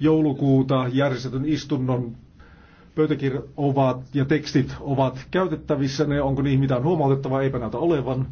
joulukuuta järjestetyn istunnon pöytäkirjat ovat ja tekstit ovat käytettävissä. Ne, onko niihin mitään huomautettavaa, eipä näytä olevan.